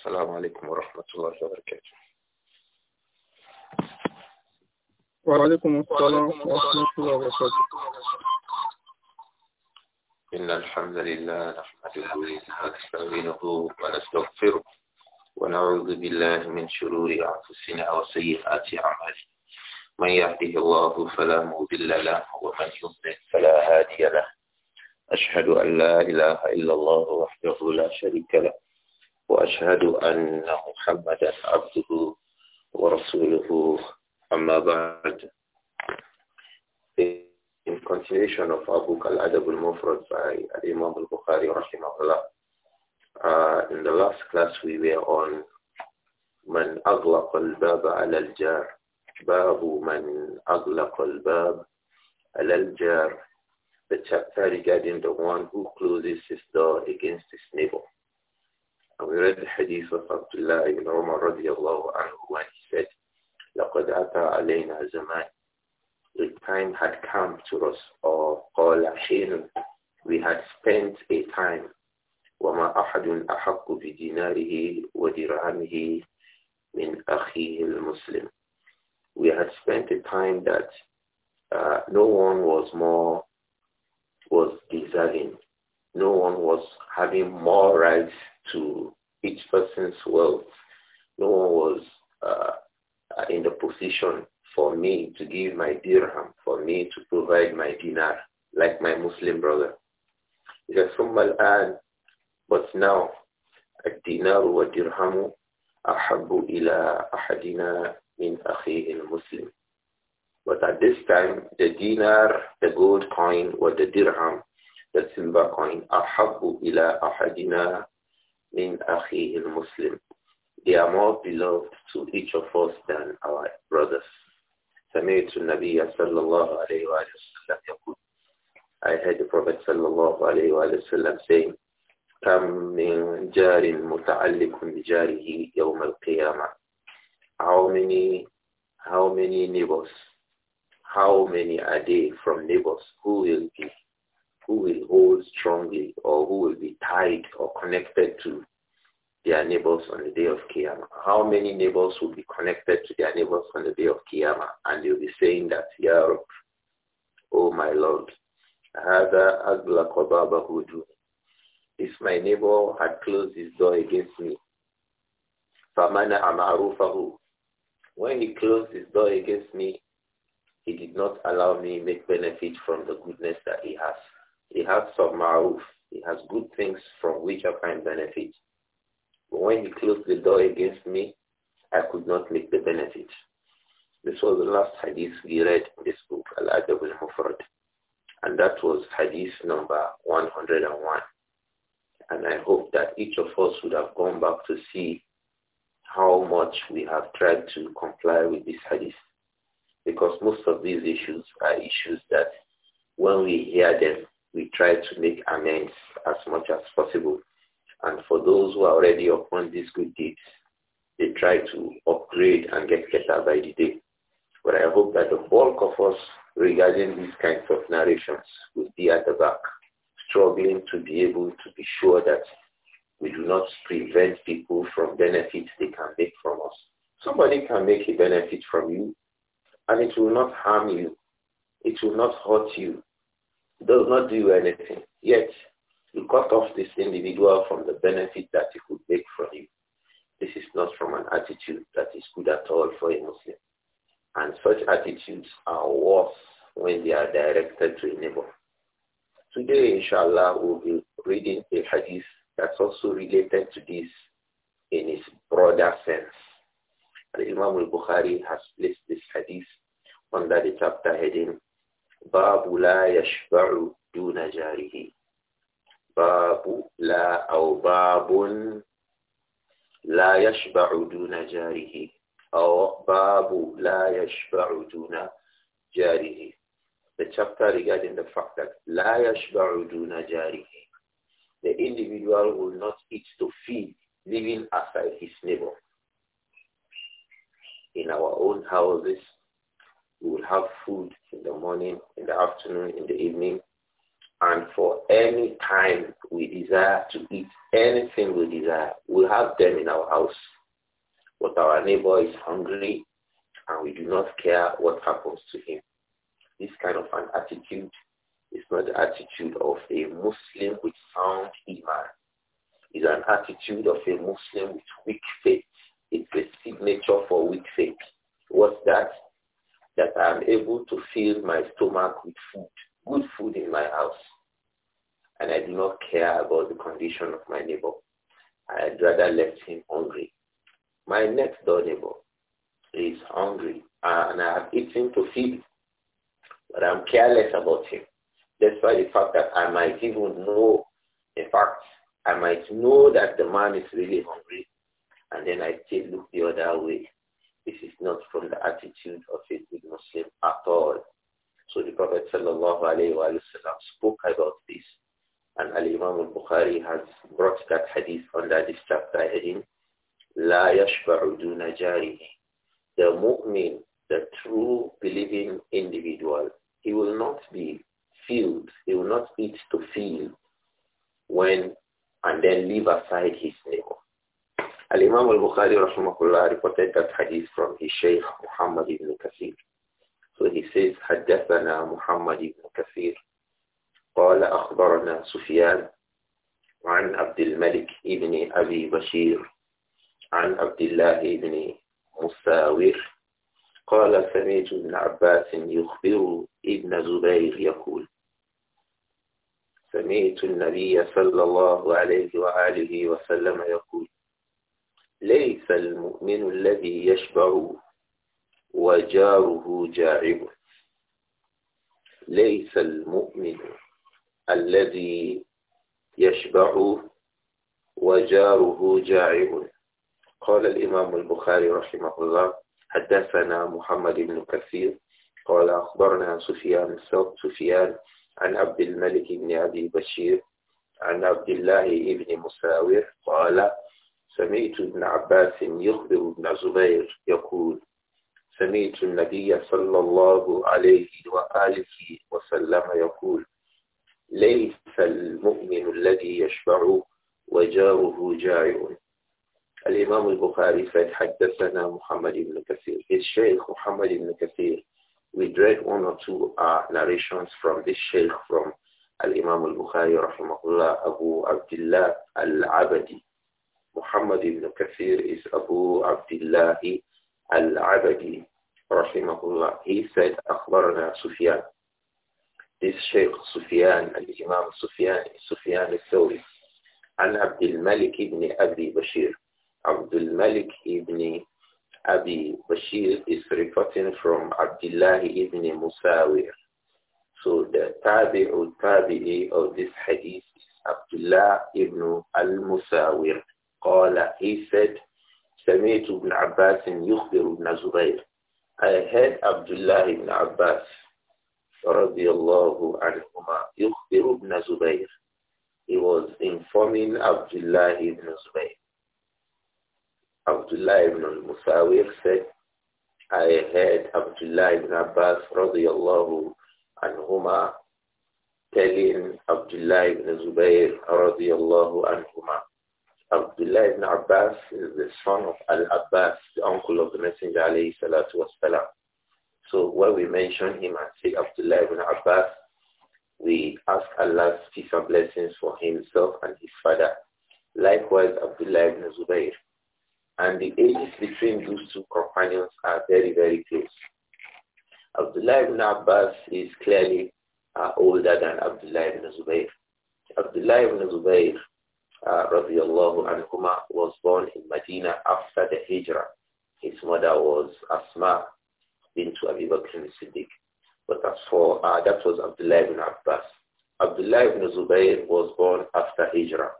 السلام عليكم ورحمة الله وبركاته وعليكم السلام ورحمة الله وبركاته إن الحمد لله نحمده ونستعينه ونستغفره ونعوذ بالله من شرور أنفسنا وسيئات أعمالنا من يهده الله فلا مضل له ومن يضلل فلا هادي له أشهد أن لا إله إلا الله وحده لا شريك له وأشهد أن محمدا عبده ورسوله أما بعد In continuation of our book Al-Adab al-Mufrad by al Imam al-Bukhari rahimahullah uh, In the last class we were on من أغلق الباب على الجار باب من أغلق الباب على الجار The chapter regarding the one who closes his door against his neighbor we read the hadith of Abdullah ibn Umar radiallahu anhu when he said, لَقَدْ أَتَى عَلَيْنَا زَمَانٍ The time had come to us, or قَالَ حِينٌ We had spent a time. وَمَا أَحَدٌ أَحَقُّ بِدِينَارِهِ وَدِرْعَمِهِ مِنْ أَخِيهِ الْمُسْلِمِ We had spent a time that uh, no one was more, was deserving. No one was having more rights to each person's wealth. No one was uh, in the position for me to give my dirham, for me to provide my dinar, like my Muslim brother. He says, al but now, الدينار والدرهم أحب إلى أحدنا من أخيه المسلم. But at this time, the dinar, the gold coin, or the dirham, the silver coin, أحب إلى أحدنا min muslim They are more beloved to each of us than our brothers. سمعت النبي صلى الله عليه وآله وسلم يقول I heard the Prophet صلى الله عليه وآله وسلم saying كم من جار متعلق بجاره يوم القيامة How many how many neighbors how many are they from neighbors who will be who will hold strongly or who will be tied or connected to their neighbors on the day of Qiyamah. How many neighbors will be connected to their neighbors on the day of Qiyamah? And you will be saying that, Ya oh my Lord, if my neighbor had closed his door against me, when he closed his door against me, he did not allow me make benefit from the goodness that he has he has some ma'ruf. He has good things from which I can benefit. But when he closed the door against me, I could not make the benefit. This was the last hadith we read in this book, Al-Adab al-Mufrad. And that was hadith number 101. And I hope that each of us would have gone back to see how much we have tried to comply with this hadith. Because most of these issues are issues that when we hear them, we try to make amends as much as possible. And for those who are already upon these good deeds, they try to upgrade and get better by the day. But I hope that the bulk of us regarding these kinds of narrations will be at the back, struggling to be able to be sure that we do not prevent people from benefits they can make from us. Somebody can make a benefit from you and it will not harm you. It will not hurt you does not do anything. Yet, you cut off this individual from the benefit that he could make from you. This is not from an attitude that is good at all for a Muslim. And such attitudes are worse when they are directed to a neighbor. Today, inshallah, we'll be reading a hadith that's also related to this in its broader sense. And Imam al-Bukhari has placed this hadith under the chapter heading باب لا yashba'u دون جاره. باب لا أو باب لا يشبع دون جاره أو باب لا يشبع دون جاره The chapter regarding the fact that لا يشبع دون جاره The individual will not eat to feed living aside his neighbor. In our own houses, we will have food in the morning, in the afternoon, in the evening. And for any time we desire to eat anything we desire, we have them in our house. But our neighbor is hungry and we do not care what happens to him. This kind of an attitude is not the attitude of a Muslim with sound iman. It's an attitude of a Muslim with weak faith. It's a signature for weak faith. What's that? that I am able to fill my stomach with food, good food in my house. And I do not care about the condition of my neighbor. I'd rather left him hungry. My next door neighbor is hungry uh, and I have eaten to feed, but I'm careless about him. That's why the fact that I might even know, in fact, I might know that the man is really hungry, and then I still look the other way this is not from the attitude of a good Muslim at all. So the Prophet sallallahu spoke about this. And Al-Imam al-Bukhari has brought that hadith under this chapter heading, لا يشفع دون جاره. The mu'min, the true believing individual, he will not be filled, he will not eat to fill when and then leave aside his neighbor. Al-Imam al-Bukhari rahimahullah reported that hadith from his Shaykh Muhammad ibn Kathir. So he says, حدثنا محمد ibn Kathir قال أخبرنا سفيان عن عبد الملك ابن أبي بشير عن عبد الله ابن مساور قال سمعت ابن عباس يخبر ابن زبير يقول سمعت النبي صلى الله عليه وآله وسلم يقول ليس المؤمن الذي يشبع وجاره جاعب ليس المؤمن الذي يشبع وجاره جاعب قال الإمام البخاري رحمه الله حدثنا محمد بن كثير قال أخبرنا سفيان سفيان عن عبد الملك بن أبي بشير عن عبد الله بن مساور قال سمعت ابن عباس يخبر ابن زبير يقول سمعت النبي صلى الله عليه وآله وسلم يقول ليس المؤمن الذي يشبع وجاره جائع الإمام البخاري said حدثنا محمد بن كثير his محمد Muhammad كثير we read one or two uh, narrations from this Sheikh from الإمام البخاري رحمه الله أبو عبد الله العبدي Muhammad ibn Kathir is Abu Abdullah al-Abadi, rahimahullah. He said, أخبرنا سفيان. This Sheikh Sufyan, al-Imam Sufyan, Sufyan al-Thawri. عن عبد الملك ibn أبي Bashir. عبد الملك ibn Abi Bashir is reporting from Abdullah ibn Musawir. So the tabi'u tabi'i of this hadith is Abdullah ibn al-Musawir. قال he said سمعت ابن عباس يخبر Ibn Zubayr. I heard Abdullah ibn Abbas رضي الله عنهما يخبر ابن زبير he was informing Abdullah ibn Zubayr. Abdullah ibn Musawir said, I heard Abdullah ibn Abbas radiallahu anhuma telling Abdullah ibn Zubayr radiallahu anhuma Abdullah ibn Abbas is the son of Al-Abbas, the uncle of the Messenger alayhi salatu wasalam. So when we mention him and say Abdullah ibn Abbas, we ask Allah's peace and blessings for himself and his father. Likewise, Abdullah ibn Zubayr. And the ages between those two companions are very, very close. Abdullah ibn Abbas is clearly uh, older than Abdullah ibn Zubayr. Abdullah ibn Zubayr uh, radiallahu anhuma, was born in Medina after the Hijrah. His mother was Asma bint Abi Bakr Al Siddiq. But as for, uh, that was Abdullah ibn Abbas. Abdullah ibn Zubayr was born after Hijrah.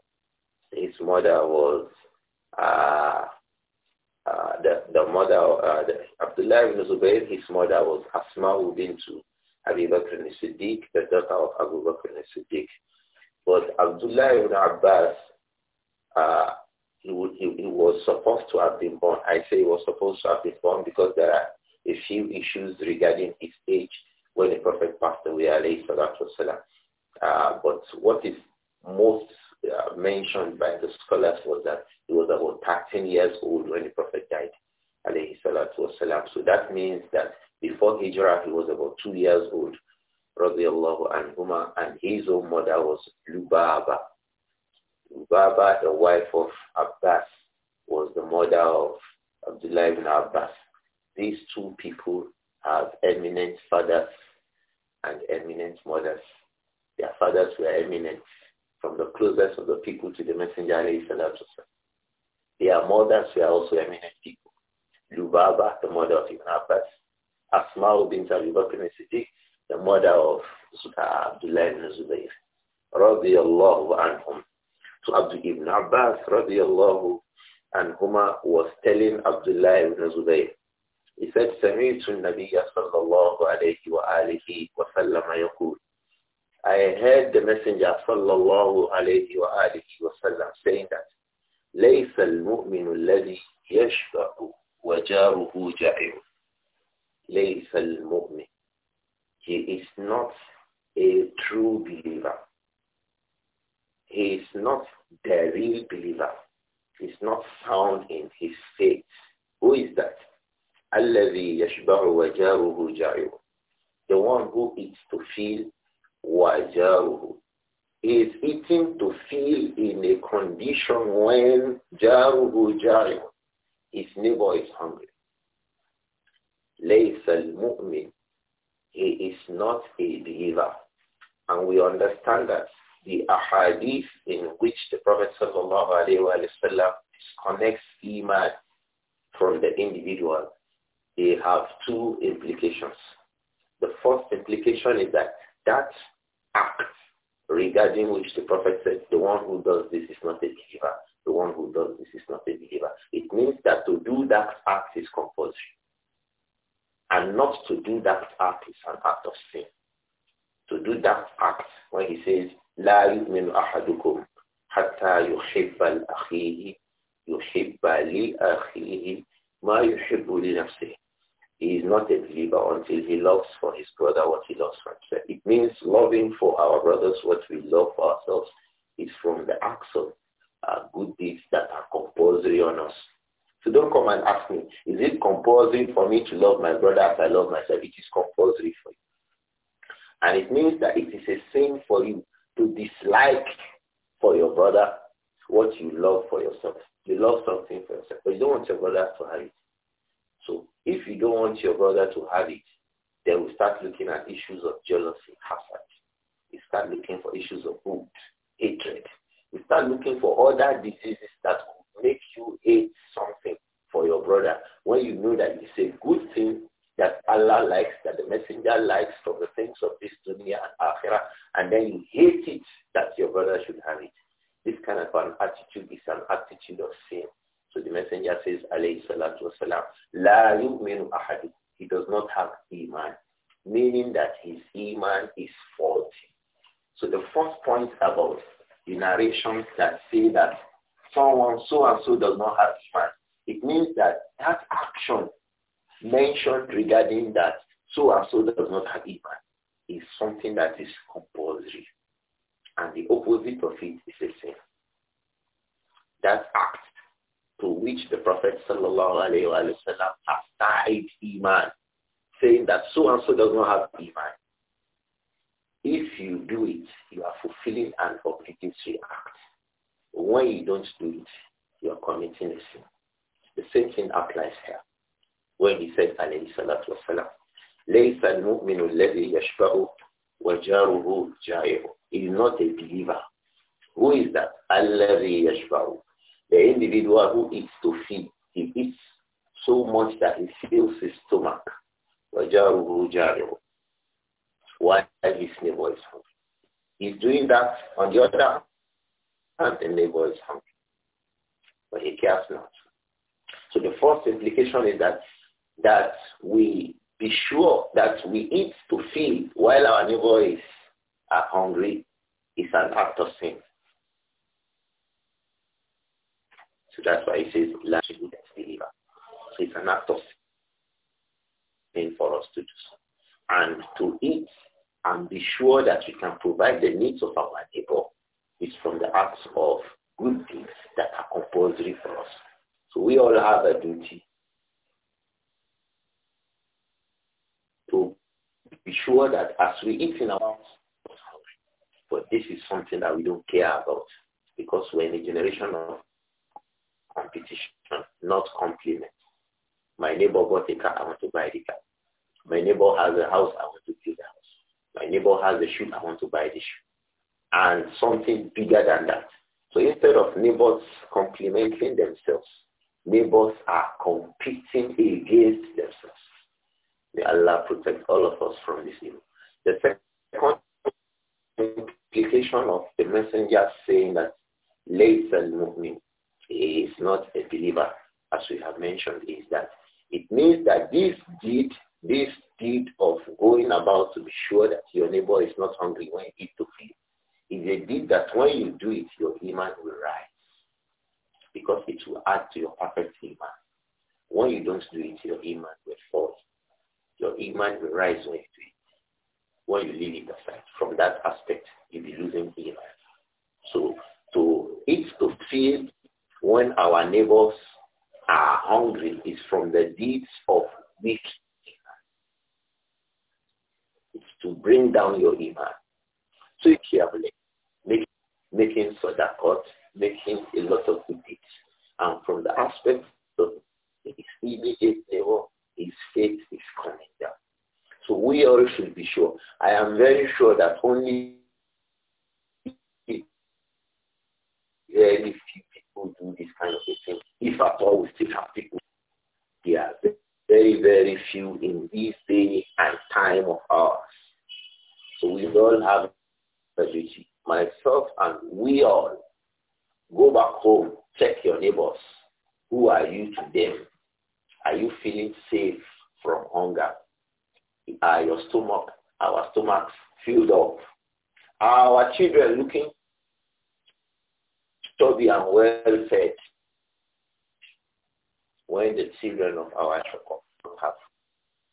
His mother was uh, uh, the, the mother, uh, the, Abdullah ibn Zubayr, his mother was Asma bint Abi Bakr Al Siddiq, the daughter of Abu Bakr Al Siddiq. But Abdullah ibn Abbas uh, he, he, was supposed to have been born. I say he was supposed to have been born because there are a few issues regarding his age when the Prophet passed away, alayhi salatu wasalam. Uh, but what is most uh, mentioned by the scholars was that he was about 13 years old when the Prophet died, alayhi salatu wasalam. So that means that before Hijrah, he was about two years old, radiallahu anhuma, and his own mother was Lubaba. Lubaba, the wife of Abbas, was the mother of Abdullah ibn Abbas. These two people have eminent fathers and eminent mothers. Their fathers were eminent from the closest of the people to the Messenger. Their mothers were also eminent people. Lubaba, the mother of Ibn Abbas. Asma bin Abi Siddiq, the mother of Abdullah ibn Zubayr. رضي الله عنهم so Abdul ibn Abbas radiallahu anhuma was telling Abdullah ibn Zubayr, he said, سمعت النبي صلى الله عليه وآله وسلم يقول I heard the messenger صلى الله عليه وآله وسلم saying that ليس المؤمن الذي يشفع وجاره جائع ليس المؤمن He is not a true believer he is not the real believer. He's not sound in his faith. Who is that? الذي يشبع وجاره جائع. The one who eats to feel وجاره. He is eating to feel in a condition when جاره جائع. His neighbor is hungry. ليس المؤمن. He is not a believer. And we understand that the ahadith in which the Prophet sallallahu alayhi wa disconnects iman from the individual, they have two implications. The first implication is that that act regarding which the Prophet said, the one who does this is not a believer, the one who does this is not a believer. It means that to do that act is compulsory. And not to do that act is an act of sin. To do that act, when he says, لا يؤمن أحدكم حتى يحب لأخيه يحب لأخيه ما يحب لنفسه he is not a believer until he loves for his brother what he loves for himself. It means loving for our brothers what we love for ourselves is from the acts of uh, good deeds that are compulsory on us. So don't come and ask me, is it compulsory for me to love my brother as I love myself? It is compulsory for you. And it means that it is a sin for you to dislike for your brother what you love for yourself. You love something for yourself, but you don't want your brother to have it. So if you don't want your brother to have it, then we start looking at issues of jealousy, hazard. We start looking for issues of wound, hatred. We start looking for other diseases that make you hate something for your brother when you know that it's a good thing that Allah likes, that the messenger likes from the things of this dunya and akhirah, and then you hate it that your brother should have it. This kind of an attitude is an attitude of sin. So the messenger says, alayhi salatu wasalam, la yu'minu ahadu. He does not have iman, meaning that his iman is faulty. So the first point about the narrations that say that someone so and so does not have iman, it means that that action mentioned regarding that so and so does not have iman is something that is compulsory. And the opposite of it is a sin. That act to which the Prophet wasallam has tied iman, saying that so and so does not have iman. If you do it, you are fulfilling an obligatory act. When you don't do it, you are committing a sin. The same thing applies here when he said, alayhi salatu wasalam, لَيْسَ الْمُؤْمِنُ الَّذِي يَشْفَعُ وَجَارُهُ جَائِعُ He is not a believer. Who is that? الَّذِي يَشْفَعُ The individual who eats to feed. He eats so much that he fills his stomach. وَجَارُهُ جَائِعُ While his neighbor is hungry. He's doing that on the other hand, the neighbor is hungry. But he cares not. So the first implication is that that we be sure that we eat to feed while our neighbor is hungry is an act of sin. So that's why it says largely deliver. So it's an act of sin for us to do so. And to eat and be sure that we can provide the needs of our neighbor is from the acts of good deeds that are compulsory for us. So we all have a duty be sure that as we eat in our but this is something that we don't care about because we're in a generation of competition, not compliment. My neighbor bought a car, I want to buy the car. My neighbor has a house, I want to build the house. My neighbor has a shoe, I want to buy the shoe. And something bigger than that. So instead of neighbors complimenting themselves, neighbors are competing against themselves. May Allah protect all of us from this evil. The second implication of the messenger saying that Lays al is not a believer, as we have mentioned, is that it means that this deed, this deed of going about to be sure that your neighbor is not hungry when you eat to feed, is a deed that when you do it, your iman will rise because it will add to your perfect iman. When you don't do it, your iman will fall your iman will rise when you do it. When you leave it aside, from that aspect, you'll be losing iman. So to eat to feed when our neighbors are hungry is from the deeds of weak iman. It's to bring down your iman. So if carefully, make, making god, making a lot of good deeds. And from the aspect of immediate neighbor his faith is coming down. So we all should be sure. I am very sure that only very few people do this kind of thing. If at all, we still have people. There are very, very few in this day and time of ours. So we all have a duty. Myself and we all go back home, check your neighbors. Who are you to them? Are you feeling safe from hunger? Are your stomach, our stomachs filled up? Are our children looking chubby and well fed? When the children of our children have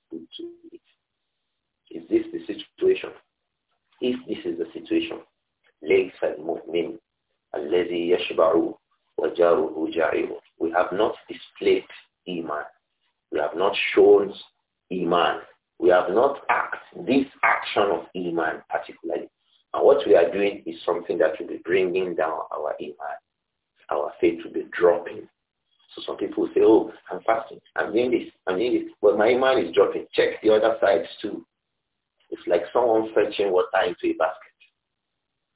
food to eat. Is this the situation? If this is the situation, ليس and الذي يشبع وجاره جائع. We have not displayed iman. We have not shown Iman. We have not act this action of Iman particularly. And what we are doing is something that will be bringing down our Iman. Our faith will be dropping. So some people will say, oh, I'm fasting. I'm doing this. I'm doing this. But my Iman is dropping. Check the other sides too. It's like someone fetching water into a basket.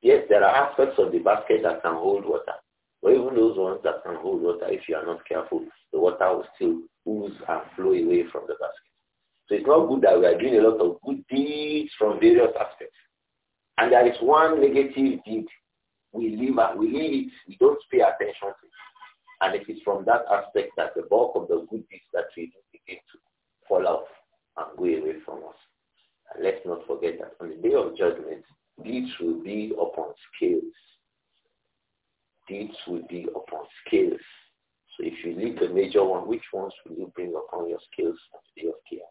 Yes, there are aspects of the basket that can hold water. But even those ones that can hold water, if you are not careful, the water will still ooze and flow away from the basket. So it's not good that we are doing a lot of good deeds from various aspects. And there is one negative deed. We leave and we leave it. We don't pay attention to it. And it is from that aspect that the bulk of the good deeds that we do begin to fall off and go away from us. And let's not forget that on the day of judgment, deeds will be upon scales. Deeds will be upon scales if you need the major one, which ones will you bring upon your skills at the day of care?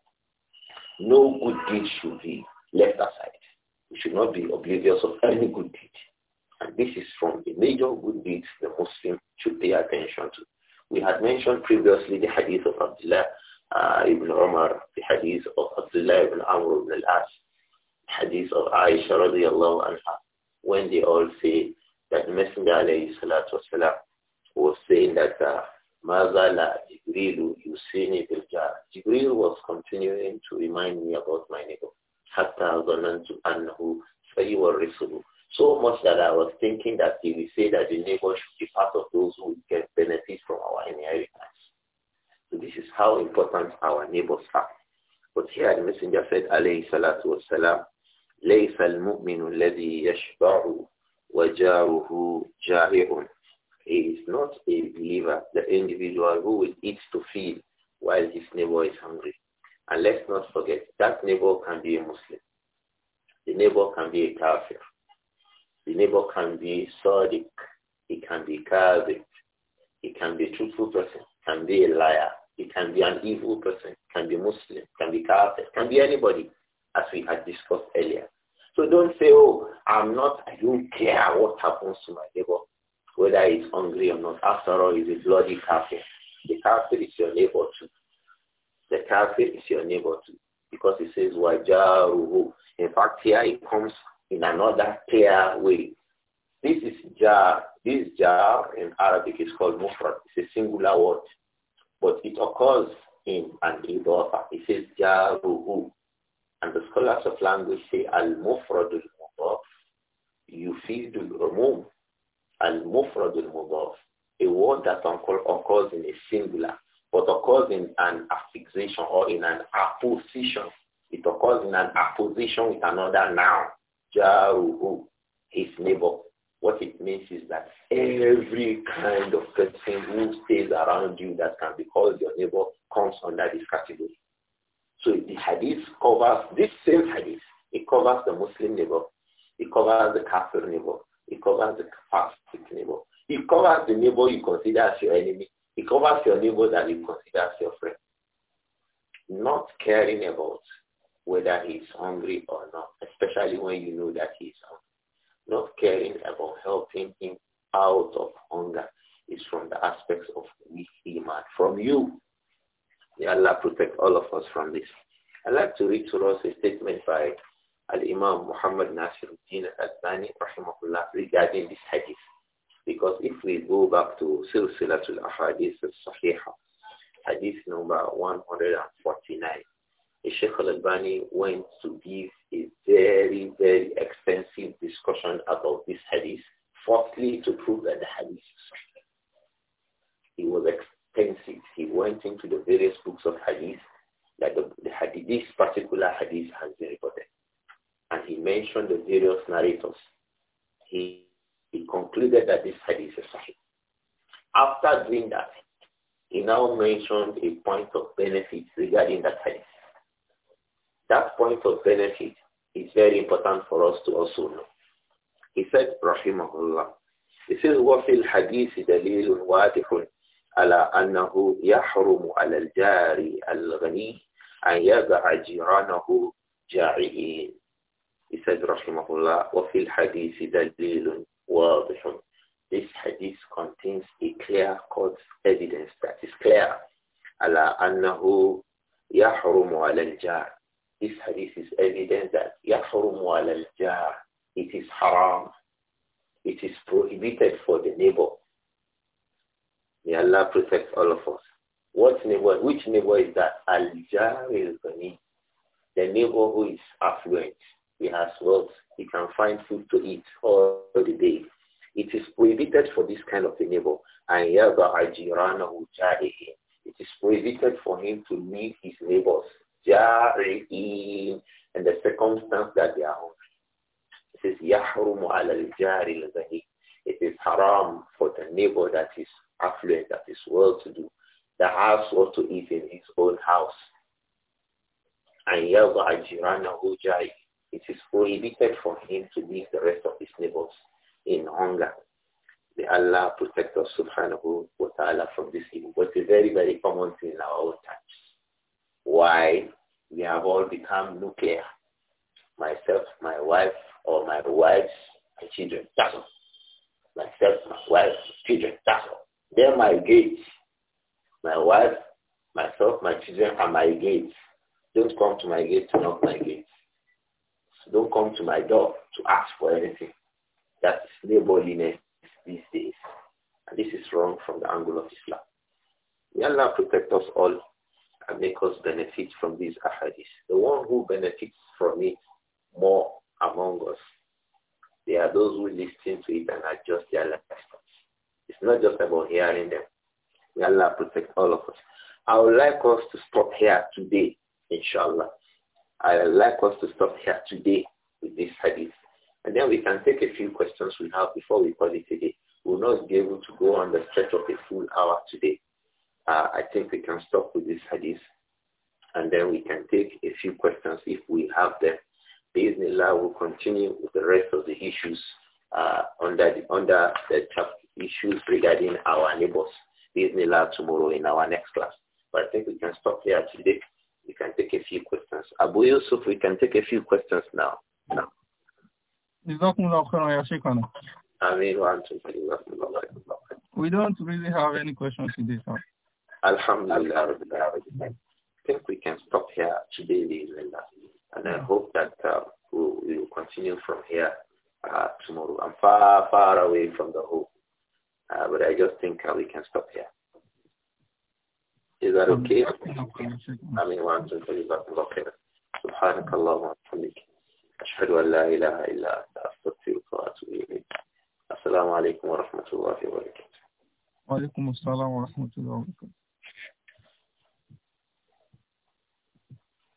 No good deed should be left aside. We should not be oblivious of any good deed. And this is from the major good deeds the Muslim should pay attention to. We had mentioned previously the hadith of Abdullah uh, ibn Umar, the hadith of Abdullah ibn Amr ibn al-As, hadith of Aisha radiallahu anha, when they all say that the Messenger of Allah was saying that uh, Mazala Jibrilu Yusini Biljar. Jibril was continuing to remind me about my neighbor. Hatta Zanantu Annahu Sayyuwa Risulu. So much that I was thinking that he will say that the neighbor should be part of those who get benefit from our inheritance. So this is how important our neighbors are. But here the messenger said, alayhi salatu was salam, ليس المؤمن الذي يشبع وجاره جائع is not a believer, the individual who will eat to feed while his neighbor is hungry. And let's not forget, that neighbor can be a Muslim. The neighbor can be a kafir. The neighbor can be sadiq. He can be kafir. He can be a truthful person. Can be a liar. He can be an evil person. Can be Muslim. Can be kafir. Can be anybody, as we had discussed earlier. So don't say, oh, I'm not, I don't care what happens to my neighbor whether he's hungry or not. After all, he's a bloody kafir. The kafir is your neighbor too. The kafir is your neighbor too. Because it says, wajaruhu. In fact, here it comes in another clear way. This is jar. This jar in Arabic is called mufrad. It's a singular word. But it occurs in an idafa. It says jaruhu. And the scholars of language say al-mufradul feel yufidul umum al-mufradul mudaf, a word that occurs in a singular, but occurs in an affixation or in an apposition. It occurs in an apposition with another noun, jaruhu, his neighbor. What it means is that every kind of person who stays around you that can be called your neighbor comes under this category. So the hadith covers, this same hadith, it covers the Muslim neighbor, it covers the Kafir neighbor, he covers the past neighbor. He covers the neighbor you consider as your enemy. He covers your neighbor that you consider as your friend. Not caring about whether he's hungry or not, especially when you know that he's hungry. Not caring about helping him out of hunger is from the aspects of weak iman from you. May Allah protect all of us from this. I'd like to read to us a statement by Al-Imam Muhammad Nasiruddin al-Albani rahimahullah regarding this hadith. Because if we go back to Silsilatul Ahadith al-Sahihah, hadith number 149, Sheikh al-Albani went to give a very, very extensive discussion about this hadith, firstly to prove that the hadith is He was extensive. He went into the various books of hadith that the, the hadith, this particular hadith has been reported and he mentioned the various narrators. He, he concluded that this hadith is sahih. After doing that, he now mentioned a point of benefit regarding that hadith. That point of benefit is very important for us to also know. He said, Rahimahullah, he says, وَفِي الْحَدِيثِ دَلِيلٌ وَادِحٌ على أنه يحرم على الجار الغني أن يضع جيرانه جائعين he says, Rahimahullah, وَفِي الْحَدِيثِ دَلِيلٌ وَاضِحٌ This hadith contains a clear-cut evidence that is clear. عَلَىٰ أَنَّهُ يَحْرُمُ عَلَى الْجَارِ This hadith is evidence that يَحْرُمُ عَلَى الْجَارِ It is haram. It is prohibited for the neighbor. May Allah protect all of us. What neighbor? Which neighbor is that? Al-Jar is The neighbor who is affluent he has wealth, he can find food to eat all the day. It is prohibited for this kind of a neighbor. And It is prohibited for him to leave his neighbors in the circumstance that they are on. It says, It is haram for the neighbor that is affluent, that is well-to-do, that has what to eat in his own house. And يضع ajirana جاري it is prohibited for him to leave the rest of his neighbors in hunger. May Allah protect us subhanahu wa ta'ala from this evil. But it's a very, very common thing in our times. Why we have all become nuclear. Myself, my wife, or my wives and children. That's all. Myself, my wife, children. That's all. They're my gates. My wife, myself, my children are my gates. Don't come to my gate to knock my gate. Don't come to my door to ask for anything. That's neighborliness these days. And this is wrong from the angle of Islam. May Allah protect us all and make us benefit from these ahadith. The one who benefits from it more among us, they are those who listen to it and adjust their lifestyles. It's not just about hearing them. May Allah protect all of us. I would like us to stop here today, inshallah. I like us to stop here today with this hadith. And then we can take a few questions we have before we call it a day. We'll not be able to go on the stretch of a full hour today. Uh, I think we can stop with this hadith and then we can take a few questions if we have them. Bismillah will continue with the rest of the issues uh, under the, under the issues regarding our neighbors. Bismillah tomorrow in our next class. But I think we can stop here today. We can take a few questions questions. Abu Yusuf, we can take a few questions now. We don't really have any questions today, this Alhamdulillah. I think we can stop here today, and I hope that uh, we will continue from here uh, tomorrow. I'm far, far away from the hope, uh, but I just think uh, we can stop here that okay? آمين وأنتم فجزاكم الله خيرا سبحانك اللهم وبحمدك أشهد أن لا إله إلا أنت أستغفرك وأتوب إليك السلام عليكم ورحمة الله وبركاته وعليكم السلام ورحمة الله وبركاته